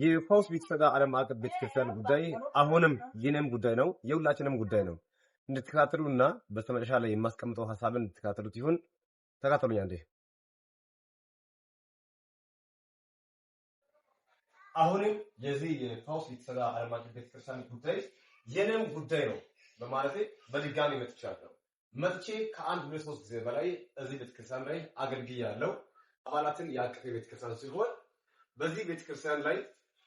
የፓውስ ቤተሰብ ዓለም አቀፍ ቤተክርስቲያን ጉዳይ አሁንም የኔም ጉዳይ ነው፣ የሁላችንም ጉዳይ ነው። እንድትከታተሉ እና በስተመጨረሻ ላይ የማስቀምጠው ሀሳብን እንድትከታተሉት ይሁን። ተከታተሉኝ አንዴ። አሁንም የዚህ የፋውስ ቤተሰጋ ዓለም አቀፍ ቤተክርስቲያን ጉዳይ የኔም ጉዳይ ነው በማለት በድጋሚ መጥቻለሁ። መጥቼ ከአንድ ሁለት ሶስት ጊዜ በላይ እዚህ ቤተክርስቲያን ላይ አገልግያለሁ። አባላትን ያቀፈ ቤተክርስቲያን ሲሆን በዚህ ቤተክርስቲያን ላይ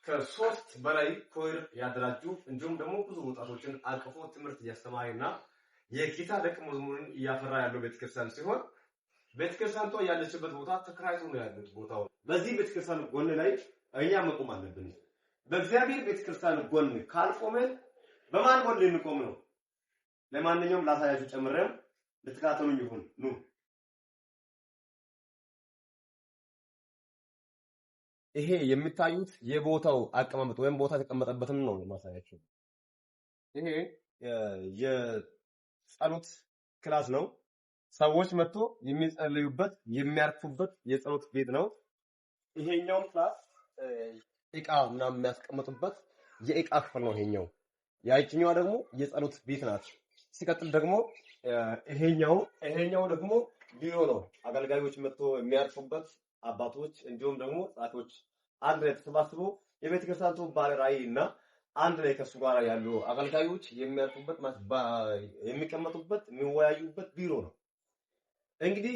ከሶስት በላይ ኮይር ያደራጁ እንዲሁም ደግሞ ብዙ ወጣቶችን አቅፎ ትምህርት እያስተማረና የጌታ ደቀ መዝሙርን እያፈራ ያለው ቤተክርስቲያን ሲሆን ቤተክርስቲያን ቤተክርስቲያኗ ያለችበት ቦታ ተከራይቶ ነው ያሉት ቦታው። በዚህ ቤተክርስቲያን ጎን ላይ እኛ መቆም አለብን። በእግዚአብሔር ቤተክርስቲያን ጎን ካልቆመን በማን ጎን ልንቆም ነው? ለማንኛውም ላሳያችሁ ጨምረን ልትከታተሉኝ ይሁን ኑ ይሄ የሚታዩት የቦታው አቀማመጥ ወይም ቦታ የተቀመጠበትን ነው ማሳያቸው። ይሄ የጸሎት ክላስ ነው። ሰዎች መጥቶ የሚጸልዩበት የሚያርፉበት የጸሎት ቤት ነው። ይሄኛውም ክላስ እቃ ምናምን የሚያስቀምጡበት የእቃ ክፍል ነው። ይሄኛው ያችኛዋ ደግሞ የጸሎት ቤት ናት። ሲቀጥል ደግሞ ይሄኛው ይሄኛው ደግሞ ቢሮ ነው። አገልጋዮች መጥቶ የሚያርፉበት አባቶች እንዲሁም ደግሞ ጻቶች አንድ ላይ ተሰባስቦ የቤተ ክርስቲያኑ ባለ ራዕይ እና አንድ ላይ ከሱ ጋር ያሉ አገልጋዮች የሚያርፉበት የሚቀመጡበት የሚወያዩበት ቢሮ ነው። እንግዲህ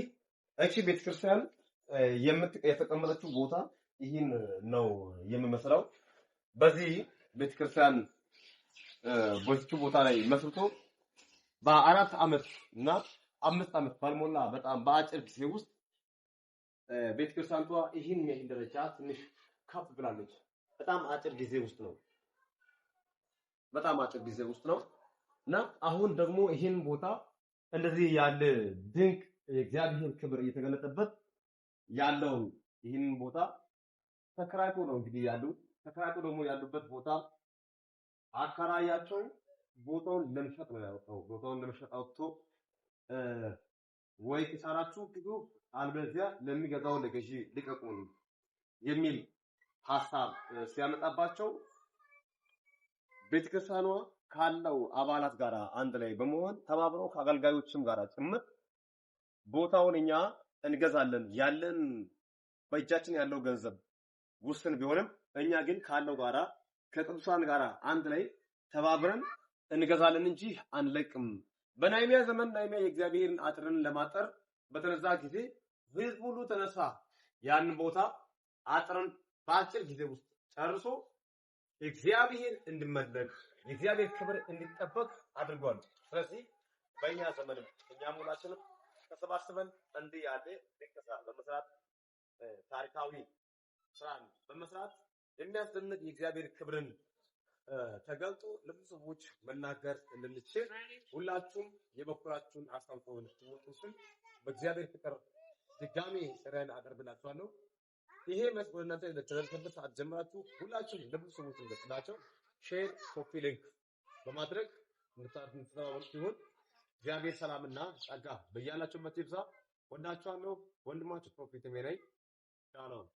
እቺ ቤተ ክርስቲያን የተቀመጠችው ቦታ ይህን ነው የሚመስለው። በዚህ ቤተ ክርስቲያን ቦታ ላይ መስርቶ በአራት ዓመት እና አምስት ዓመት ባልሞላ በጣም በአጭር ጊዜ ውስጥ ቤተክርስቲያኗ ይህን ያህል ደረጃ ትንሽ ከፍ ብላለች። በጣም አጭር ጊዜ ውስጥ ነው። በጣም አጭር ጊዜ ውስጥ ነው እና አሁን ደግሞ ይህን ቦታ እንደዚህ ያለ ድንቅ የእግዚአብሔር ክብር እየተገለጠበት ያለው ይህን ቦታ ተከራይቶ ነው እንግዲህ ያሉ ተከራይቶ ደግሞ ያሉበት ቦታ አከራያቸው ቦታውን ለመሸጥ ነው ያወጣው። ቦታውን ለመሸጥ አውጥቶ ወይ ከቻላችሁ ግዱ፣ አለበለዚያ ለሚገዛው ለገዢ ልቀቁን የሚል ሀሳብ ሲያመጣባቸው ቤተክርስቲያኗ ካለው አባላት ጋር አንድ ላይ በመሆን ተባብረው ከአገልጋዮችም ጋር ጭምር ቦታውን እኛ እንገዛለን። ያለን በእጃችን ያለው ገንዘብ ውስን ቢሆንም እኛ ግን ካለው ጋራ ከቅዱሳን ጋር አንድ ላይ ተባብረን እንገዛለን እንጂ አንለቅም። በናይሚያ ዘመን ናይሚያ የእግዚአብሔርን አጥርን ለማጠር በተነሳ ጊዜ ህዝብ ሁሉ ተነሳ፣ ያንን ቦታ አጥርን በአጭር ጊዜ ውስጥ ጨርሶ እግዚአብሔር እንድመለክ የእግዚአብሔር ክብር እንዲጠበቅ አድርጓል። ስለዚህ በእኛ ዘመንም እኛም ሁላችንም ተሰባስበን እንዲህ ያለ ድንቅ ስራ በመስራት ታሪካዊ ስራን በመስራት የሚያስደንቅ የእግዚአብሔር ክብርን ተገልጦ ለብዙ ሰዎች መናገር እንድንችል ሁላችሁም የበኩላችሁን አስተዋጽኦ እንድትወጡ ስል በእግዚአብሔር ፍቅር ድጋሜ ጥሪዬን አቀርብላችኋለሁ። ይሄ መስ እናንተ ለተደረሰበት ሰዓት ጀምራችሁ ሁላችሁ ለብዙ ሰዎች እንደስላቸው ሼር፣ ኮፒ ሊንክ በማድረግ የምትተባበሩ ሲሆን እግዚአብሔር ሰላምና ጸጋ በያላችሁበት ይብዛ። ወዳችኋለሁ። ወንድማችሁ ፕሮፌት ሜናይ ቻለው